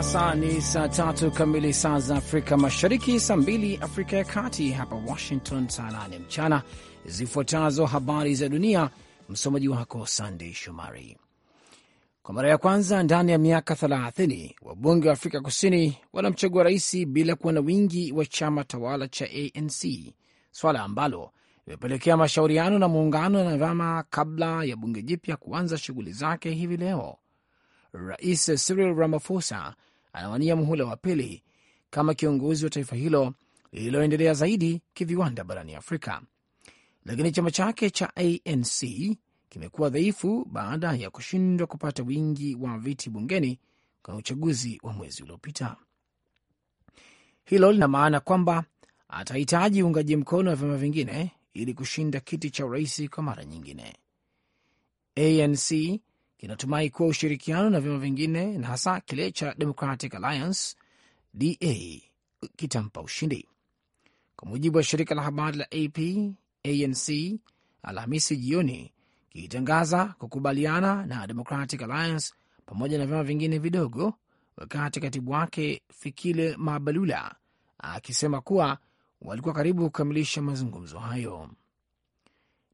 sasa ni saa tatu kamili saa za Afrika Mashariki, saa mbili Afrika ya Kati, hapa Washington saa nane mchana. Zifuatazo habari za dunia, msomaji wako Sandey Shomari. Kwa mara ya kwanza ndani ya miaka 30 wabunge wa Afrika Kusini wanamchagua rais bila kuwa na wingi wa chama tawala cha ANC, swala ambalo limepelekea mashauriano na muungano na vyama kabla ya bunge jipya kuanza shughuli zake hivi leo. Rais Cyril Ramaphosa anawania muhula wa pili kama kiongozi wa taifa hilo lililoendelea zaidi kiviwanda barani Afrika, lakini chama chake cha ANC kimekuwa dhaifu baada ya kushindwa kupata wingi wa viti bungeni kwa uchaguzi wa mwezi uliopita. Hilo lina maana kwamba atahitaji uungaji mkono wa vyama vingine ili kushinda kiti cha urais kwa mara nyingine. ANC kinatumai kuwa ushirikiano na vyama vingine na hasa kile cha Democratic Alliance DA kitampa ushindi, kwa mujibu wa shirika la habari la AP. ANC Alhamisi jioni kilitangaza kukubaliana na Democratic Alliance pamoja na vyama vingine vidogo, wakati katibu wake Fikile Mabalula akisema kuwa walikuwa karibu kukamilisha mazungumzo hayo.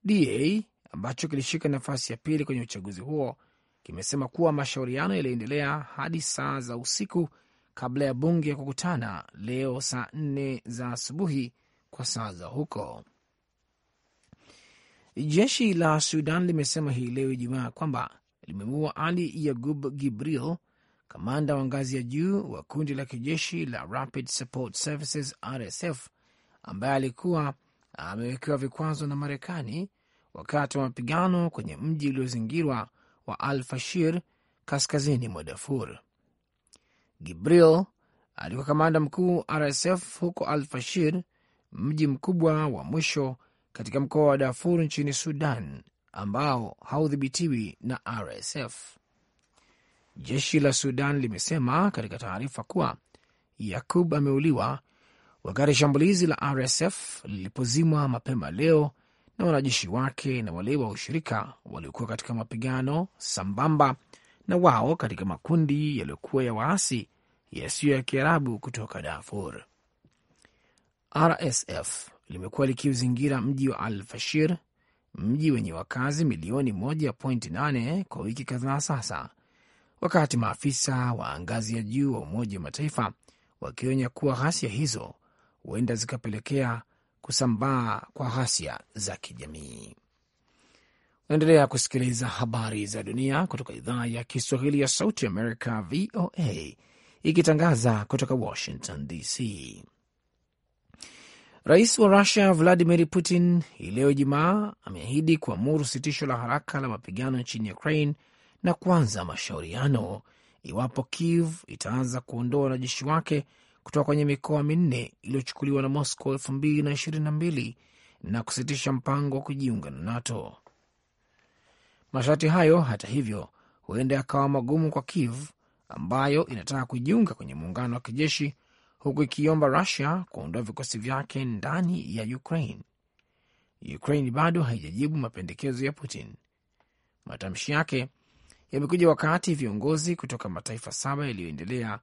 DA ambacho kilishika nafasi ya pili kwenye uchaguzi huo kimesema kuwa mashauriano yaliendelea hadi saa za usiku kabla ya bunge ya kukutana leo saa nne za asubuhi kwa saa za huko. Jeshi la Sudan limesema hii leo Ijumaa kwamba limemuua Ali Yagub Gibril, kamanda wa ngazi ya juu wa kundi la kijeshi la Rapid Support Services RSF, ambaye alikuwa amewekewa vikwazo na Marekani wakati wa mapigano kwenye mji uliozingirwa wa Al Fashir kaskazini mwa Darfur. Gibril alikuwa kamanda mkuu RSF huko Al Fashir, mji mkubwa wa mwisho katika mkoa wa Darfur nchini Sudan ambao haudhibitiwi na RSF. Jeshi la Sudan limesema katika taarifa kuwa Yakub ameuliwa wakati shambulizi la RSF lilipozimwa mapema leo na wanajeshi wake na wale wa ushirika waliokuwa katika mapigano sambamba na wao katika makundi yaliyokuwa ya waasi yasiyo ya Kiarabu kutoka Darfur. RSF limekuwa likiuzingira mji wa Al-Fashir, mji wenye wakazi milioni 1.8 kwa wiki kadhaa sasa, wakati maafisa wa ngazi ya juu wa Umoja wa Mataifa wakionya kuwa ghasia hizo huenda zikapelekea kusambaa kwa ghasia za kijamii. Unaendelea kusikiliza habari za dunia kutoka idhaa ya Kiswahili ya Sauti Amerika, VOA, ikitangaza kutoka Washington DC. Rais wa Rusia Vladimir Putin hii leo Ijumaa ameahidi kuamuru sitisho la haraka la mapigano nchini Ukraine na kuanza mashauriano iwapo Kiev itaanza kuondoa wanajeshi wake kutoka kwenye mikoa minne iliyochukuliwa na Moscow elfu mbili na ishirini na mbili na kusitisha mpango wa kujiunga na NATO. Masharti hayo hata hivyo huenda yakawa magumu kwa Kiev ambayo inataka kujiunga kwenye muungano wa kijeshi huku ikiomba Rusia kuondoa vikosi vyake ndani ya Ukraine. Ukraine bado haijajibu mapendekezo ya Putin. Matamshi yake yamekuja wakati viongozi kutoka mataifa saba yaliyoendelea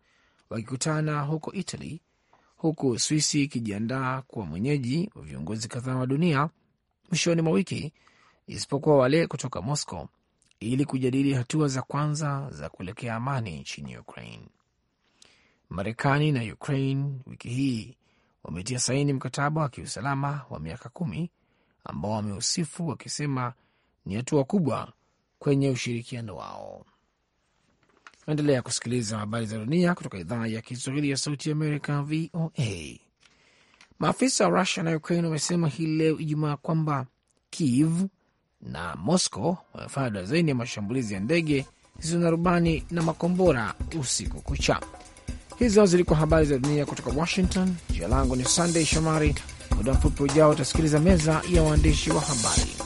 wakikutana huko Italy, huku Swisi ikijiandaa kuwa mwenyeji wa viongozi kadhaa wa dunia mwishoni mwa wiki, isipokuwa wale kutoka Moscow, ili kujadili hatua za kwanza za kuelekea amani nchini Ukraine. Marekani na Ukraine wiki hii wametia saini mkataba wa kiusalama wa miaka kumi ambao wamehusifu wakisema ni hatua kubwa kwenye ushirikiano wao naendelea kusikiliza habari za dunia kutoka idhaa ya Kiswahili ya Sauti Amerika, VOA. Maafisa wa Rusia na Ukraine wamesema hii leo Ijumaa kwamba Kiev na Moscow wamefanya dazeni ya mashambulizi ya ndege zisizo na rubani na makombora usiku kucha. Hizo zilikuwa habari za dunia kutoka Washington. Jina langu ni Sandey Shomari. Muda mfupi ujao utasikiliza meza ya waandishi wa habari.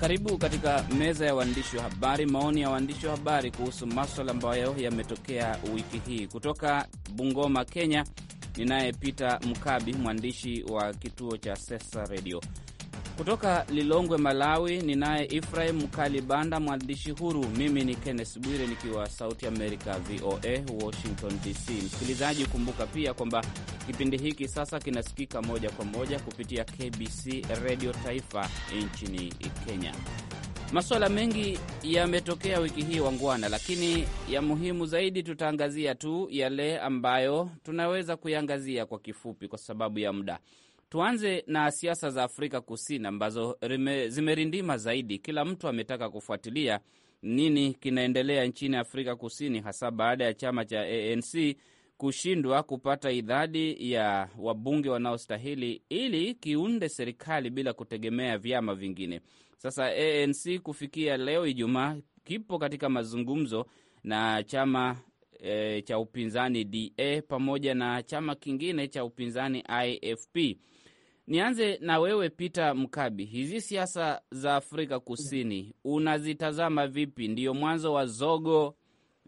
Karibu katika meza ya waandishi wa habari, maoni ya waandishi wa habari kuhusu maswala ambayo yametokea wiki hii. Kutoka Bungoma, Kenya, ninaye Peter Mkabi, mwandishi wa kituo cha Sesa redio kutoka Lilongwe, Malawi, ninaye Ifrahim Kalibanda, mwandishi huru. Mimi ni Kenneth Bwire nikiwa Sauti America, VOA Washington DC. Msikilizaji, kumbuka pia kwamba kipindi hiki sasa kinasikika moja kwa moja kupitia KBC Redio Taifa nchini Kenya. Masuala mengi yametokea wiki hii, wangwana, lakini ya muhimu zaidi tutaangazia tu yale ambayo tunaweza kuyangazia kwa kifupi kwa sababu ya muda. Tuanze na siasa za Afrika Kusini ambazo zimerindima zaidi. Kila mtu ametaka kufuatilia nini kinaendelea nchini Afrika Kusini, hasa baada ya chama cha ANC kushindwa kupata idadi ya wabunge wanaostahili ili kiunde serikali bila kutegemea vyama vingine. Sasa ANC kufikia leo Ijumaa kipo katika mazungumzo na chama e, cha upinzani DA pamoja na chama kingine cha upinzani IFP. Nianze na wewe Peter Mkabi, hizi siasa za Afrika Kusini unazitazama vipi? Ndiyo mwanzo wa zogo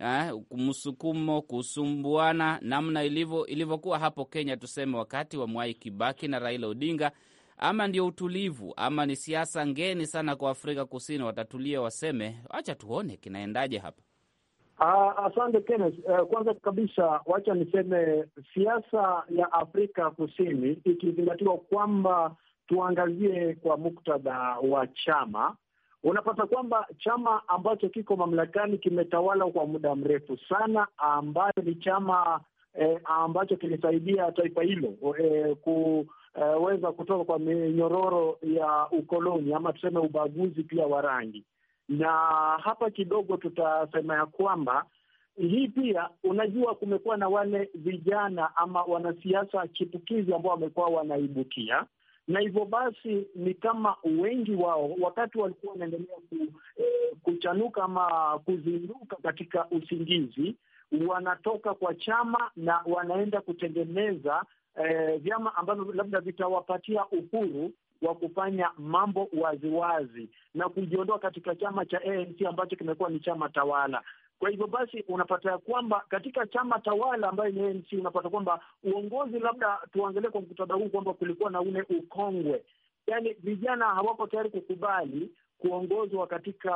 eh, msukumo, kusumbuana, namna ilivyo ilivyokuwa hapo Kenya, tuseme wakati wa Mwai Kibaki na Raila Odinga, ama ndio utulivu, ama ni siasa ngeni sana kwa Afrika Kusini? Watatulia waseme, acha tuone kinaendaje hapa. Uh, asante Kenneth. Uh, kwanza kabisa wacha niseme siasa ya Afrika Kusini ikizingatiwa kwamba tuangazie kwa muktadha wa chama, unapata kwamba chama ambacho kiko mamlakani kimetawala kwa muda mrefu sana, ambayo ni chama eh, ambacho kilisaidia taifa hilo eh, kuweza eh, kutoka kwa minyororo ya ukoloni ama tuseme ubaguzi pia wa rangi na hapa kidogo tutasema ya kwamba hii pia, unajua, kumekuwa na wale vijana ama wanasiasa chipukizi ambao wamekuwa wanaibukia na hivyo basi ni kama wengi wao wakati walikuwa wanaendelea ku, eh, kuchanuka ama kuzinduka katika usingizi, wanatoka kwa chama na wanaenda kutengeneza eh, vyama ambavyo labda vitawapatia uhuru wa kufanya mambo waziwazi na kujiondoa katika chama cha ANC ambacho kimekuwa ni chama tawala. Kwa hivyo basi unapata ya kwamba katika chama tawala ambayo ni ANC, unapata kwamba uongozi, labda tuangalie kwa mkutano huu kwamba kulikuwa na ule ukongwe, yaani vijana hawako tayari kukubali kuongozwa katika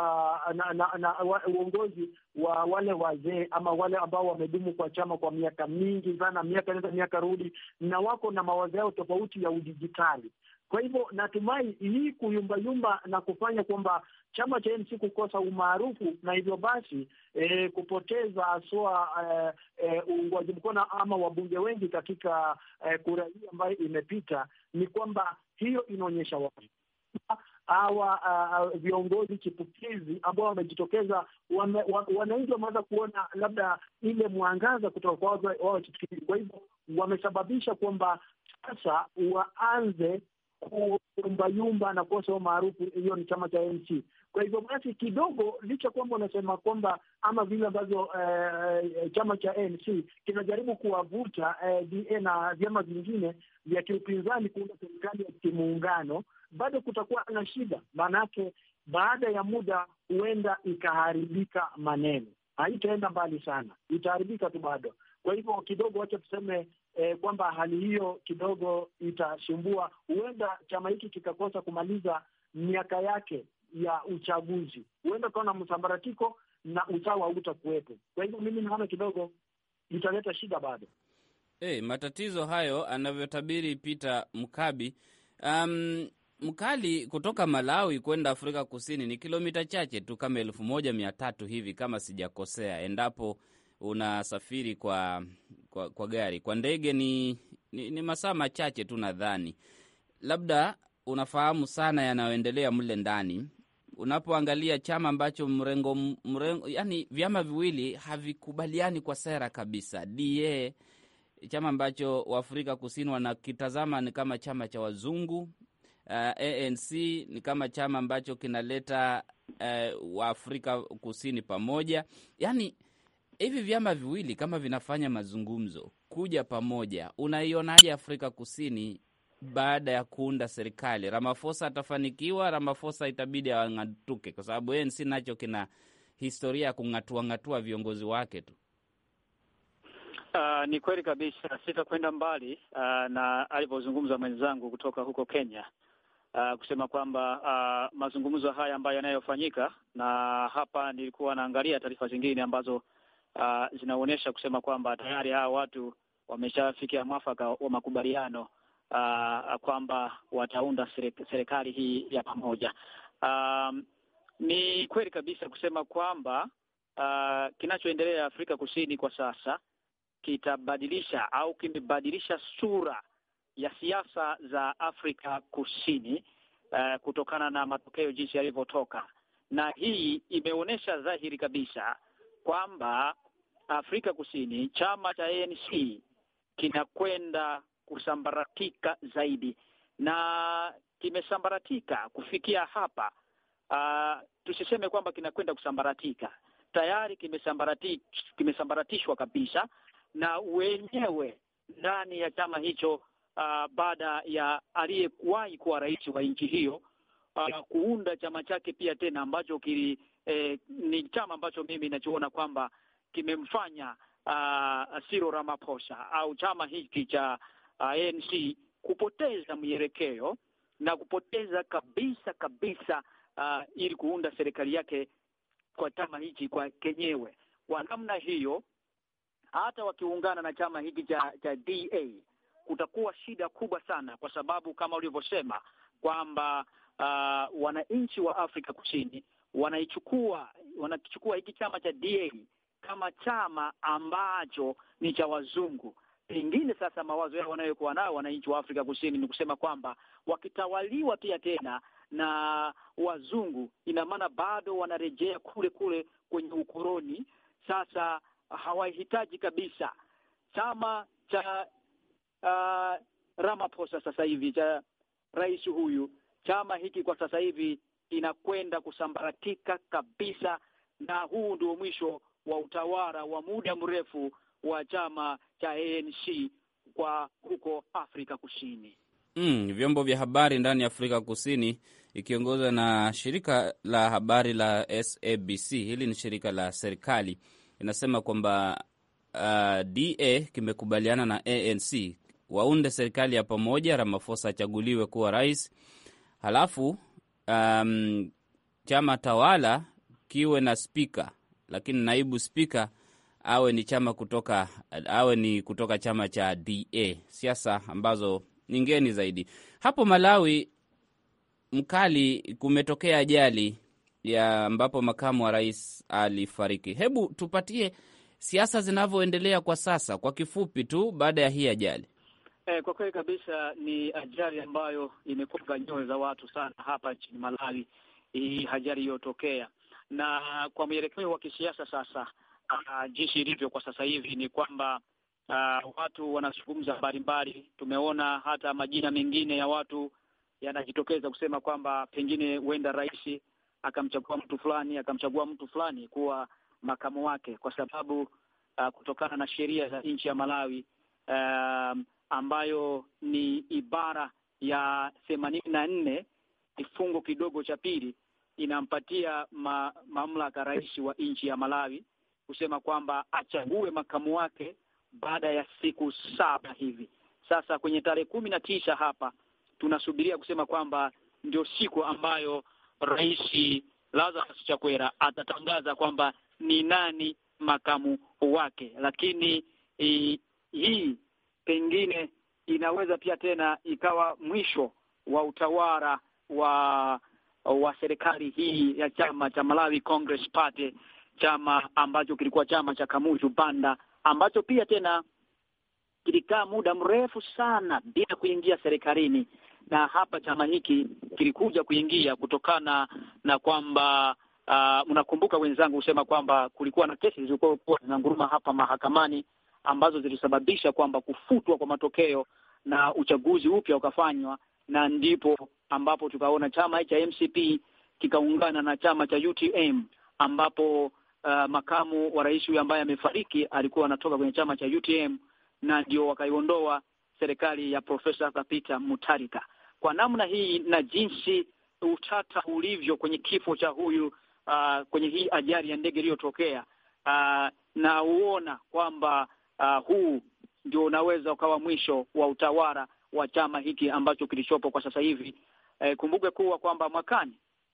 na, na, na, wa, uongozi wa wale wazee ama wale ambao wamedumu kwa chama kwa miaka mingi sana, miaka nenda miaka rudi, na wako na mawazo yao tofauti ya udijitali. Kwa hivyo natumai hii kuyumbayumba na kufanya kwamba chama cha mc kukosa umaarufu na hivyo basi e, kupoteza haswa e, e, uungwaji mkono ama wabunge wengi katika e, kura hii ambayo imepita, ni kwamba hiyo inaonyesha wazi hawa uh, viongozi chipukizi ambao wamejitokeza, wananchi wame, wameweza kuona labda ile mwangaza kutoka kwa wao chipukizi. Kwa hivyo wamesababisha kwamba sasa waanze kuyumbayumba na kukosa umaarufu, hiyo ni chama cha NC. Kwa hivyo basi kidogo, licha kwamba unasema kwamba ama vile ambavyo eh, eh chama cha NC kinajaribu kuwavuta eh, DA na vyama vingine vya kiupinzani kuunda serikali ya kimuungano, bado kutakuwa na shida, maanake baada ya muda huenda ikaharibika maneno, haitaenda mbali sana, itaharibika tu bado. Kwa hivyo kidogo, wacha tuseme E, kwamba hali hiyo kidogo itasumbua, huenda chama hiki kikakosa kumaliza miaka yake ya uchaguzi, huenda ukawa na msambaratiko na usawa hautakuwepo. Kwa hivyo mimi naona kidogo italeta shida bado. Hey, eh, matatizo hayo anavyotabiri Peter Mkabi. Um, Mkali kutoka Malawi kwenda Afrika Kusini ni kilomita chache tu kama elfu moja mia tatu hivi kama sijakosea, endapo unasafiri kwa, kwa, kwa gari. Kwa ndege ni, ni, ni masaa machache tu nadhani. Labda unafahamu sana yanayoendelea mle ndani unapoangalia chama ambacho mrengo, mrengo, yani vyama viwili havikubaliani kwa sera kabisa. DA chama ambacho Waafrika Kusini wanakitazama ni kama chama cha wazungu. Uh, ANC ni kama chama ambacho kinaleta uh, Waafrika Kusini pamoja, yani hivi vyama viwili kama vinafanya mazungumzo kuja pamoja, unaionaje Afrika Kusini baada ya kuunda serikali? ramafosa atafanikiwa? ramafosa itabidi awang'atuke, kwa sababu ANC nacho kina historia ya kung'atuang'atua viongozi wake tu. Uh, ni kweli kabisa, sitakwenda mbali uh, na alivyozungumza mwenzangu kutoka huko Kenya uh, kusema kwamba uh, mazungumzo haya ambayo yanayofanyika, na hapa nilikuwa naangalia taarifa zingine ambazo uh, zinaonyesha kusema kwamba tayari hawa watu wameshafikia mwafaka wa makubaliano uh, kwamba wataunda serikali hii ya pamoja. Um, ni kweli kabisa kusema kwamba uh, kinachoendelea Afrika Kusini kwa sasa kitabadilisha au kimebadilisha sura ya siasa za Afrika Kusini uh, kutokana na matokeo jinsi yalivyotoka, na hii imeonyesha dhahiri kabisa kwamba Afrika Kusini, chama cha ANC kinakwenda kusambaratika zaidi na kimesambaratika kufikia hapa. Uh, tusiseme kwamba kinakwenda kusambaratika, tayari kimesambarati, kimesambaratishwa kabisa na wenyewe ndani ya chama hicho, uh, baada ya aliyekuwahi kuwa rais wa nchi hiyo uh, kuunda chama chake pia tena ambacho kili, eh, ni chama ambacho mimi nachoona kwamba kimemfanya uh, Cyril Ramaphosa au chama hiki cha uh, ANC kupoteza mielekeo na kupoteza kabisa kabisa uh, ili kuunda serikali yake kwa chama hiki kwa kenyewe. Kwa namna hiyo, hata wakiungana na chama hiki cha cha DA kutakuwa shida kubwa sana, kwa sababu kama ulivyosema kwamba uh, wananchi wa Afrika Kusini wanaichukua wanakichukua hiki chama cha DA kama chama ambacho ni cha wazungu. Pengine sasa mawazo yao wanayokuwa nayo wananchi wa Afrika Kusini ni kusema kwamba wakitawaliwa pia tena na wazungu, ina maana bado wanarejea kule kule kwenye ukoloni. Sasa hawahitaji kabisa chama cha uh, Ramaphosa sasa hivi cha rais huyu, chama hiki kwa sasa hivi inakwenda kusambaratika kabisa, na huu ndio mwisho wa utawala wa muda mrefu wa chama cha ANC kwa huko Afrika Kusini. Mm, vyombo vya habari ndani ya Afrika Kusini ikiongozwa na shirika la habari la SABC, hili ni shirika la serikali, inasema kwamba uh, DA kimekubaliana na ANC waunde serikali ya pamoja, Ramaphosa achaguliwe kuwa rais, halafu um, chama tawala kiwe na spika lakini naibu spika awe ni chama kutoka awe ni kutoka chama cha DA, siasa ambazo ngeni zaidi. Hapo Malawi mkali kumetokea ajali ya ambapo makamu wa rais alifariki. Hebu tupatie siasa zinavyoendelea kwa sasa kwa kifupi tu baada ya hii ajali. Eh, kwa kweli kabisa ni ajali ambayo imekonga nyoyo za watu sana hapa nchini Malawi, hii ajali iliyotokea na kwa mwelekeo wa kisiasa sasa, uh, jinsi ilivyo kwa sasa hivi ni kwamba uh, watu wanazungumza mbalimbali. Tumeona hata majina mengine ya watu yanajitokeza kusema kwamba pengine huenda rais akamchagua mtu fulani akamchagua mtu fulani kuwa makamu wake, kwa sababu uh, kutokana na sheria za nchi ya Malawi uh, ambayo ni ibara ya themanini na nne kifungu kidogo cha pili inampatia ma, mamlaka rais wa nchi ya Malawi kusema kwamba achague makamu wake baada ya siku saba hivi. Sasa kwenye tarehe kumi na tisa hapa tunasubiria kusema kwamba ndio siku ambayo rais Lazarus Chakwera atatangaza kwamba ni nani makamu wake, lakini i, hii pengine inaweza pia tena ikawa mwisho wa utawala wa wa serikali hii ya chama cha Malawi Congress Party, chama ambacho kilikuwa chama cha Kamuzu Banda ambacho pia tena kilikaa muda mrefu sana bila kuingia serikalini, na hapa chama hiki kilikuja kuingia kutokana na kwamba uh, unakumbuka wenzangu husema kwamba kulikuwa na kesi zilizokuwa zinanguruma hapa mahakamani ambazo zilisababisha kwamba kufutwa kwa matokeo na uchaguzi upya ukafanywa, na ndipo ambapo tukaona chama cha MCP kikaungana na chama cha UTM ambapo uh, makamu wa rais huyu ambaye amefariki alikuwa anatoka kwenye chama cha UTM na ndio wakaiondoa serikali ya Profesa Peter Mutarika. Kwa namna hii na jinsi utata ulivyo kwenye kifo cha huyu uh, kwenye hii ajali ya ndege iliyotokea uh, na uona kwamba uh, huu ndio unaweza ukawa mwisho wa utawala wa chama hiki ambacho kilichopo kwa sasa hivi eh, kumbuke kuwa kwamba mwakani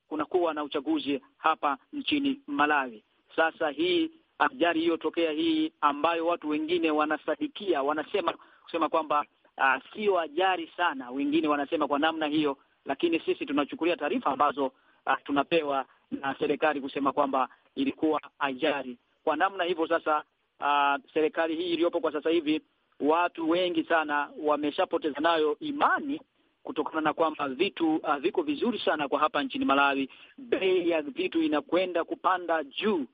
kunakuwa na uchaguzi hapa nchini Malawi. Sasa hii ajali iliyotokea hii ambayo watu wengine wanasadikia wanasema kusema kwamba uh, sio ajali sana, wengine wanasema kwa namna hiyo, lakini sisi tunachukulia taarifa ambazo uh, tunapewa na serikali kusema kwamba ilikuwa ajali kwa namna hivyo. Sasa uh, serikali hii iliyopo kwa sasa hivi, watu wengi sana wameshapoteza nayo imani kutokana na kwamba vitu haviko ah, viko vizuri sana kwa hapa nchini Malawi. Bei ya vitu inakwenda kupanda juu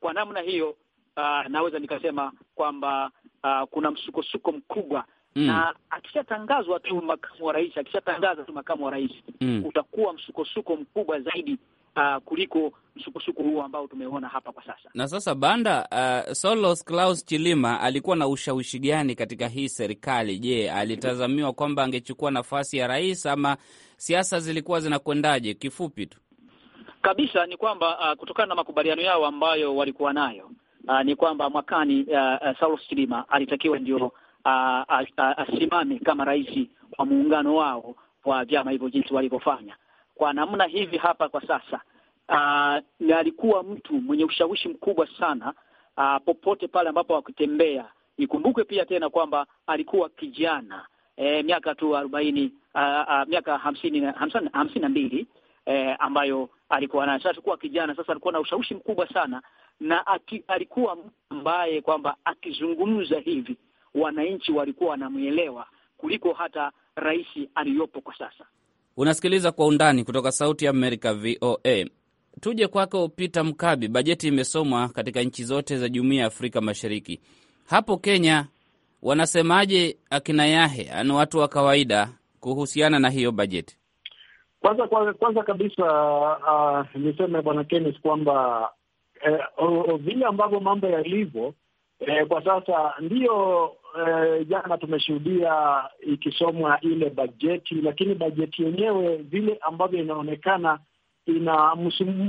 kwa namna hiyo. Uh, naweza nikasema kwamba uh, kuna msukosuko mkubwa mm. na akishatangazwa tu makamu wa rais, akishatangaza tu makamu wa rais mm. utakuwa msukosuko mkubwa zaidi uh, kuliko msukusuku huo ambao tumeona hapa kwa sasa. Na sasa Banda, uh, Solos Klaus Chilima alikuwa na ushawishi gani katika hii serikali? Je, alitazamiwa kwamba angechukua nafasi ya rais ama siasa zilikuwa zinakwendaje? Kifupi tu kabisa ni kwamba uh, kutokana na makubaliano yao ambayo walikuwa nayo uh, ni kwamba mwakani uh, uh, Saulos Chilima alitakiwa ndio asimame uh, uh, uh kama rais wa muungano wao wa vyama hivyo jinsi walivyofanya, kwa namna hivi hapa kwa sasa. Ah, ni alikuwa mtu mwenye ushawishi mkubwa sana aa, ah, popote pale ambapo wakitembea Ikumbukwe pia tena kwamba alikuwa kijana e, miaka tu arobaini ah, miaka hamsini na mbili e, ambayo alikuwa nayo. Sasa alikuwa kijana, sasa alikuwa na ushawishi mkubwa sana na aki, alikuwa mtu ambaye kwamba akizungumza hivi wananchi walikuwa wanamwelewa kuliko hata rais aliyopo kwa sasa. Unasikiliza kwa undani kutoka Sauti ya Amerika, VOA. Tuje kwako Peter Mkabi, bajeti imesomwa katika nchi zote za Jumuiya ya Afrika Mashariki. Hapo Kenya wanasemaje akina Yahe ana watu wa kawaida kuhusiana na hiyo bajeti? Kwanza kwanza, kwanza kabisa uh, niseme Bwana Kenis kwamba eh, vile ambavyo mambo yalivyo E, kwa sasa ndiyo e, jana tumeshuhudia ikisomwa ile bajeti, lakini bajeti yenyewe vile ambavyo inaonekana ina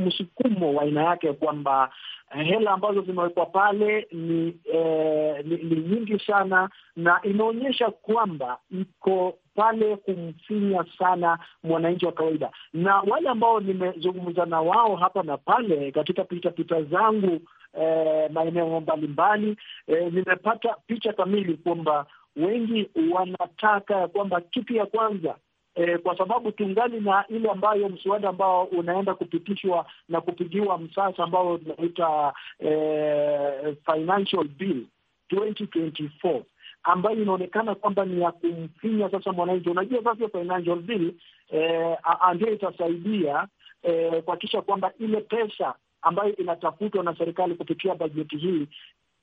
msukumo wa aina yake kwamba e, hela ambazo zimewekwa pale ni, eh, ni ni nyingi sana, na inaonyesha kwamba iko pale kumfinya sana mwananchi wa kawaida. Na wale ambao nimezungumza na wao hapa na pale katika pitapita zangu eh, maeneo mbalimbali eh, nimepata picha kamili kwamba wengi wanataka ya kwamba kitu ya kwanza eh, kwa sababu tungali na ile ambayo mswada ambao unaenda kupitishwa na kupigiwa msasa ambao unaita eh, financial bill 2024 ambayo inaonekana kwamba ni ya kumfinya sasa mwananchi. Unajua sasa financial bill eh, ndio itasaidia eh, kuhakikisha kwamba ile pesa ambayo inatafutwa na serikali kupitia bajeti hii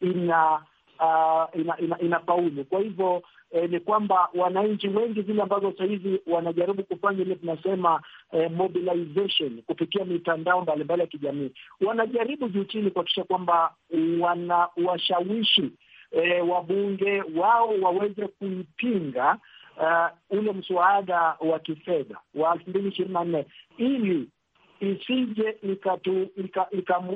ina uh, inafaulu ina, ina Kwa hivyo eh, ni kwamba wananchi wengi zile ambazo sahizi wanajaribu kufanya ile tunasema eh, mobilization kupitia mitandao mbalimbali ya kijamii, wanajaribu juu chini kuhakikisha kwamba wanawashawishi eh, wabunge wao waweze kuipinga uh, ule mswada wa kifedha wa elfu mbili ishirini na nne ili isije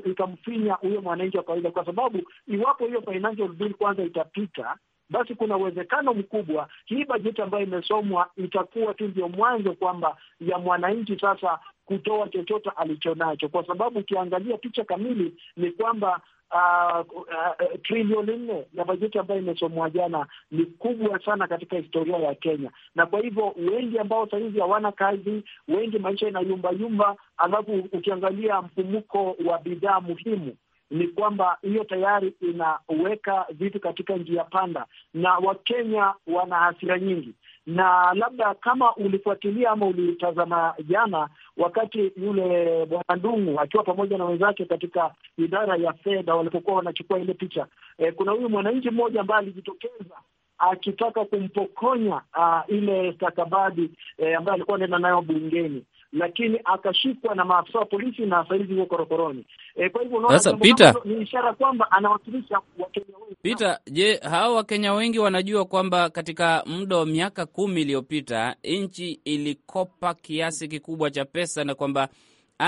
ikamfinya huyo mwananchi wa kawaida, kwa sababu iwapo hiyo financial bill kwanza itapita basi kuna uwezekano mkubwa hii bajeti ambayo imesomwa itakuwa tu ndio mwanzo kwamba ya mwananchi sasa kutoa chochote alichonacho, kwa sababu ukiangalia picha kamili ni kwamba Uh, uh, trilioni nne ya bajeti ambayo imesomwa jana ni kubwa sana katika historia ya Kenya, na kwa hivyo wengi ambao sahizi hawana kazi, wengi maisha inayumbayumba, alafu ukiangalia mfumuko wa bidhaa muhimu ni kwamba hiyo tayari inaweka vitu katika njia panda, na Wakenya wana hasira nyingi, na labda kama ulifuatilia ama ulitazama jana, wakati yule bwana Ndung'u akiwa pamoja na wenzake katika idara ya fedha walipokuwa wanachukua ile picha e, kuna huyu mwananchi mmoja ambaye alijitokeza akitaka kumpokonya a, ile stakabadhi e, ambayo alikuwa anaenda nayo bungeni lakini akashikwa na maafisa wa polisi na saizi yuko korokoroni. E, kwa hivyo sasa Peter, ni ishara kwamba anawakilisha Wakenya wengi. Peter, je, hao Wakenya wengi wanajua kwamba katika muda wa miaka kumi iliyopita nchi ilikopa kiasi kikubwa cha pesa na kwamba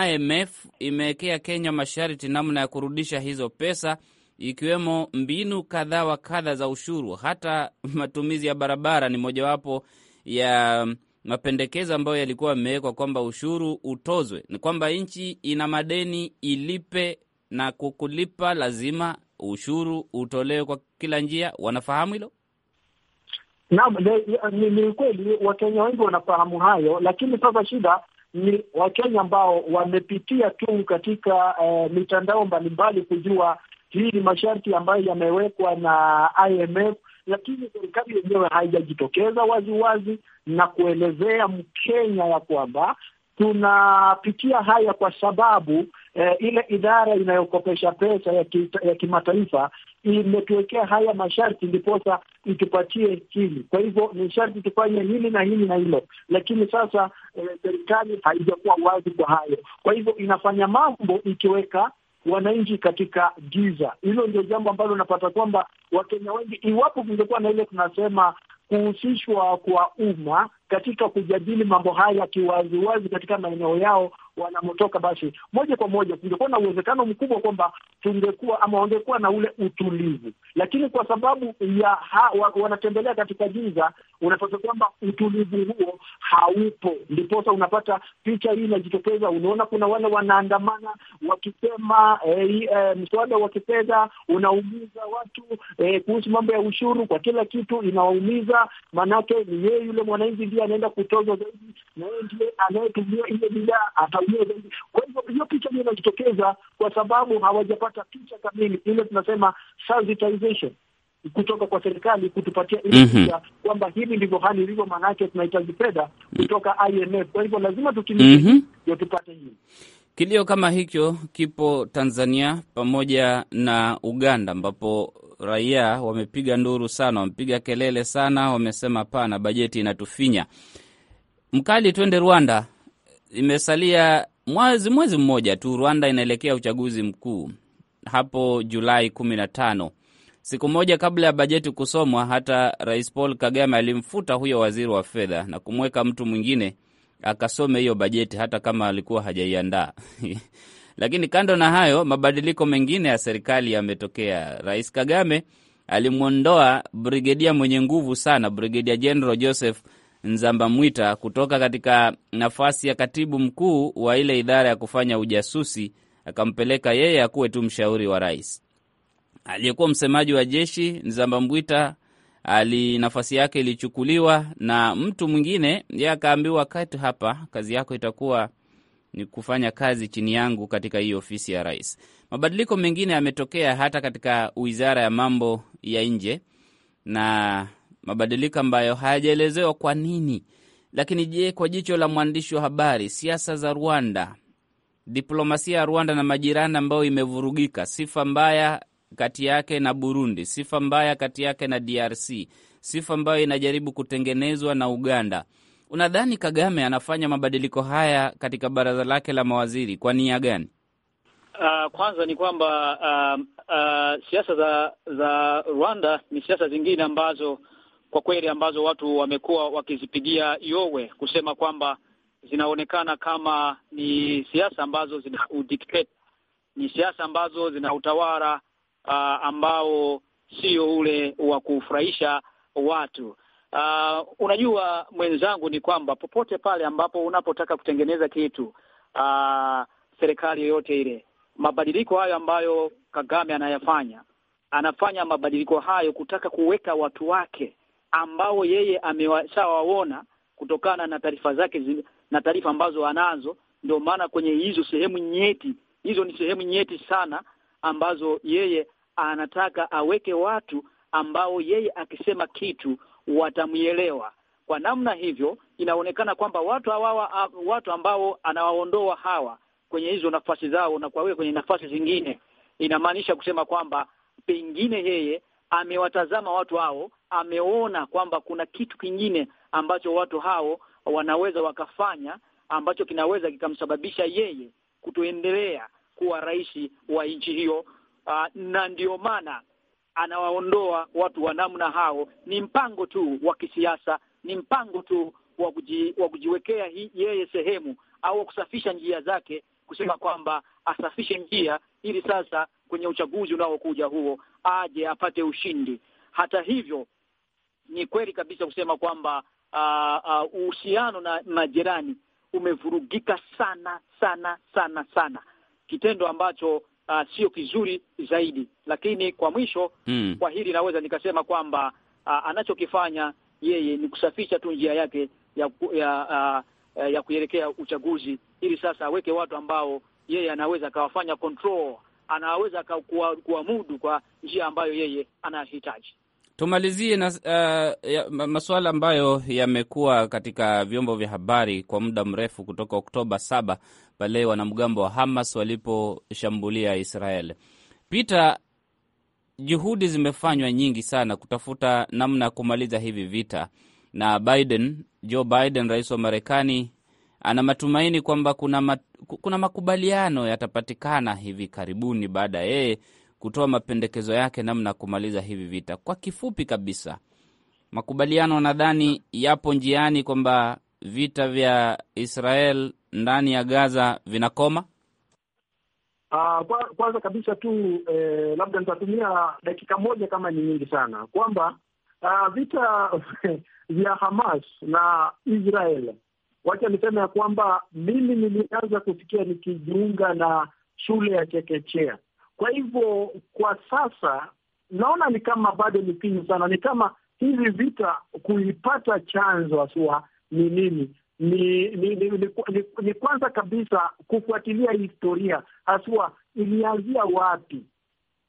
IMF imewekea Kenya masharti namna ya kurudisha hizo pesa ikiwemo mbinu kadha wa kadha za ushuru. Hata matumizi ya barabara ni mojawapo ya mapendekezo ambayo yalikuwa yamewekwa kwamba ushuru utozwe, ni kwamba nchi ina madeni ilipe, na kukulipa lazima ushuru utolewe kwa kila njia. Wanafahamu hilo? Naam, ni ukweli. Wakenya wengi wanafahamu hayo, lakini sasa shida ni Wakenya ambao wamepitia tu katika eh, mitandao mbalimbali kujua hii ni masharti ambayo yamewekwa na IMF lakini serikali yenyewe haijajitokeza waziwazi na kuelezea Mkenya ya kwamba tunapitia haya kwa sababu eh, ile idara inayokopesha pesa ya, ki, ya kimataifa imetuwekea haya masharti, ndiposa itupatie hili. Kwa hivyo ni sharti tufanye hili na hili na hilo, lakini sasa eh, serikali eh, haijakuwa wazi kwa hayo. Kwa hivyo inafanya mambo ikiweka wananchi katika giza. Hilo ndio jambo ambalo unapata kwamba Wakenya wengi, iwapo kungekuwa na ile tunasema kuhusishwa kwa umma katika kujadili mambo haya kiwaziwazi katika maeneo yao, wanamotoka, basi moja kwa moja kungekuwa na uwezekano mkubwa kwamba tungekuwa ama wangekuwa na ule utulivu, lakini kwa sababu ya ha, wa, wanatembelea katika giza, unapata kwamba utulivu huo haupo, ndiposa unapata picha hii inajitokeza. Unaona kuna wale wanaandamana wakisema eh, eh, mswada wa kifedha unaumiza watu eh, kuhusu mambo ya ushuru kwa kila kitu inawaumiza, maanake ni yeye yule mwananchi ndiye anaenda kutozwa zaidi, na yeye ndiye anayetumia ile bidhaa ata wenyewe zaidi. Kwa hivyo hiyo picha ndio inajitokeza kwa sababu hawajapata picha kamili, ile tunasema sensitization kutoka kwa serikali kutupatia ile mhm. picha mm -hmm. kwamba hivi ndivyo hali ilivyo, maanake tunahitaji fedha mm. kutoka IMF. Kwa hivyo lazima tutimize mm -hmm. tupate hii Kilio kama hicho kipo Tanzania pamoja na Uganda, ambapo raia wamepiga nduru sana, wamepiga kelele sana, wamesema hapana, bajeti inatufinya. Mkali, twende Rwanda imesalia mwezi mwezi mmoja tu, Rwanda inaelekea uchaguzi mkuu hapo Julai kumi na tano. Siku moja kabla ya bajeti kusomwa, hata Rais Paul Kagame alimfuta huyo waziri wa fedha na kumweka mtu mwingine akasome hiyo bajeti, hata kama alikuwa hajaiandaa Lakini kando na hayo, mabadiliko mengine ya serikali yametokea. Rais Kagame alimwondoa brigedia mwenye nguvu sana, Brigedia General Joseph Nzamba Mwita kutoka katika nafasi ya katibu mkuu wa ile idara ya kufanya ujasusi, akampeleka yeye akuwe tu mshauri wa rais. Aliyekuwa msemaji wa jeshi Nzamba Mwita ali nafasi yake ilichukuliwa na mtu mwingine, ye akaambiwa, kati hapa, kazi yako itakuwa ni kufanya kazi chini yangu katika hii ofisi ya rais. Mabadiliko mengine yametokea hata katika wizara ya mambo ya nje na mabadiliko ambayo hayajaelezewa kwa nini. Lakini je, kwa jicho la mwandishi wa habari, siasa za Rwanda, diplomasia ya Rwanda na majirani ambayo imevurugika, sifa mbaya kati yake na Burundi, sifa mbaya kati yake na DRC, sifa ambayo inajaribu kutengenezwa na Uganda. Unadhani Kagame anafanya mabadiliko haya katika baraza lake la mawaziri kwa nia gani? Uh, kwanza ni kwamba uh, uh, siasa za za Rwanda ni siasa zingine ambazo kwa kweli ambazo watu wamekuwa wakizipigia yowe kusema kwamba zinaonekana kama ni siasa ambazo zina udikteta, ni siasa ambazo zina utawala uh, ambao sio ule wa kufurahisha watu. Uh, unajua mwenzangu, ni kwamba popote pale ambapo unapotaka kutengeneza kitu uh, serikali yoyote ile, mabadiliko hayo ambayo Kagame anayafanya, anafanya mabadiliko hayo kutaka kuweka watu wake ambao yeye amewashawaona kutokana na taarifa zake na taarifa ambazo anazo. Ndio maana kwenye hizo sehemu nyeti, hizo ni sehemu nyeti sana ambazo yeye anataka aweke watu ambao yeye akisema kitu watamwelewa. Kwa namna hivyo, inaonekana kwamba watu hawa, watu ambao anawaondoa hawa kwenye hizo nafasi zao na kuwaweka kwenye nafasi zingine, inamaanisha kusema kwamba pengine yeye amewatazama watu hao, ameona kwamba kuna kitu kingine ambacho watu hao wanaweza wakafanya ambacho kinaweza kikamsababisha yeye kutoendelea kuwa rais wa nchi hiyo. Uh, na ndio maana anawaondoa watu wa namna hao. Ni mpango tu wa kisiasa, ni mpango tu wa kuji, wa kujiwekea hi, yeye sehemu au kusafisha njia zake, kusema kwamba asafishe njia ili sasa kwenye uchaguzi unaokuja huo aje apate ushindi. Hata hivyo, ni kweli kabisa kusema kwamba ah, ah, uhusiano na majirani umevurugika sana sana sana sana, kitendo ambacho uh, sio kizuri zaidi. Lakini kwa mwisho mm, kwa hili naweza nikasema kwamba uh, anachokifanya yeye ni kusafisha tu njia yake ya, ya, uh, ya kuelekea uchaguzi, ili sasa aweke watu ambao yeye anaweza akawafanya control anaweza kuamudu kwa njia ambayo yeye anahitaji. Tumalizie na uh, ya, masuala ambayo yamekuwa katika vyombo vya habari kwa muda mrefu kutoka Oktoba saba pale wanamgambo wa Hamas waliposhambulia Israel. Peter, juhudi zimefanywa nyingi sana kutafuta namna ya kumaliza hivi vita na Biden, Joe Biden, rais wa Marekani ana matumaini kwamba kuna, mat, kuna makubaliano yatapatikana hivi karibuni baada ya yeye kutoa mapendekezo yake namna kumaliza hivi vita. Kwa kifupi kabisa, makubaliano nadhani yapo njiani kwamba vita vya Israel ndani ya Gaza vinakoma. Uh, kwanza kabisa tu eh, labda nitatumia dakika moja kama ni nyingi sana kwamba uh, vita vya Hamas na Israel wacha niseme ya kwamba mimi nilianza kusikia nikijiunga na shule ya chekechea. Kwa hivyo kwa sasa naona ni kama bado ni pinyu sana, ni kama hivi vita kuipata chanzo haswa ni nini ni ni, ni, ni, ni ni kwanza kabisa kufuatilia historia haswa ilianzia wapi.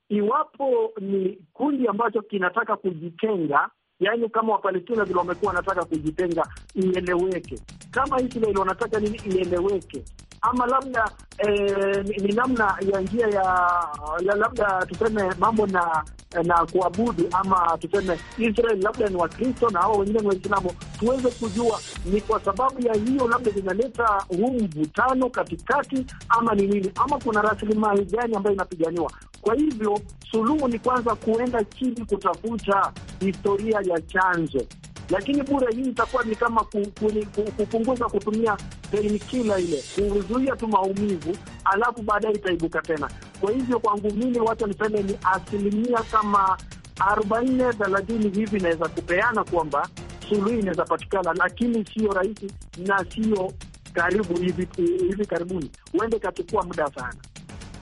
Iwapo ni kundi ambacho kinataka kujitenga Yaani kama Wapalestina vile wamekuwa wanataka kujitenga, ieleweke. Kama Israel wanataka nini, ieleweke ama labda eh, ni namna ya njia ya labda tuseme mambo na na kuabudu ama tuseme Israel labda ni Wakristo na hao wengine ni Waislamu, tuweze kujua ni kwa sababu ya hiyo labda zinaleta huu mvutano katikati, ama ni nini, ama kuna rasilimali gani ambayo inapiganiwa. Kwa hivyo suluhu ni kwanza kuenda chini kutafuta historia ya chanzo lakini bure hii itakuwa ni kama kupunguza kutumia painkiller ile, kuzuia tu maumivu, alafu baadaye itaibuka tena. Kwa hivyo kwangu mimi, wacha niseme ni asilimia kama arobaini thelathini hivi inaweza kupeana kwamba suluhi inaweza patikana, lakini sio rahisi na sio karibu hivi, hivi karibuni, huende ikachukua muda sana.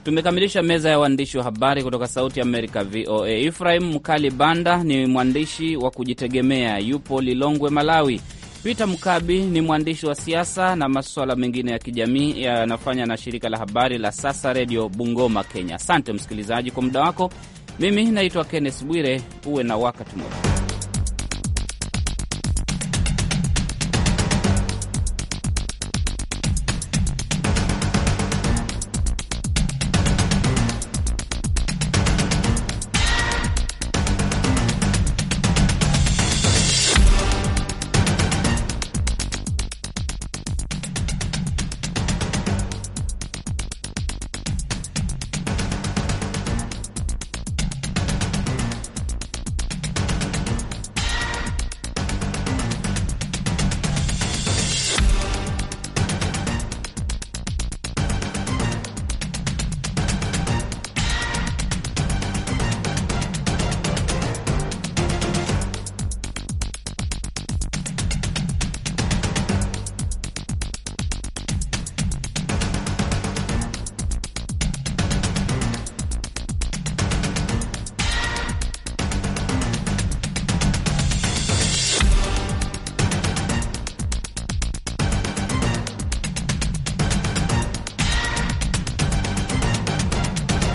Tumekamilisha meza ya waandishi wa habari kutoka Sauti ya Amerika, VOA. Ifrahim Mkali Banda ni mwandishi wa kujitegemea, yupo Lilongwe, Malawi. Peter Mkabi ni mwandishi wa siasa na masuala mengine ya kijamii yanafanya na shirika la habari la Sasa Redio Bungoma, Kenya. Asante msikilizaji kwa muda wako. Mimi naitwa Kenneth Bwire, uwe na wakati mwema.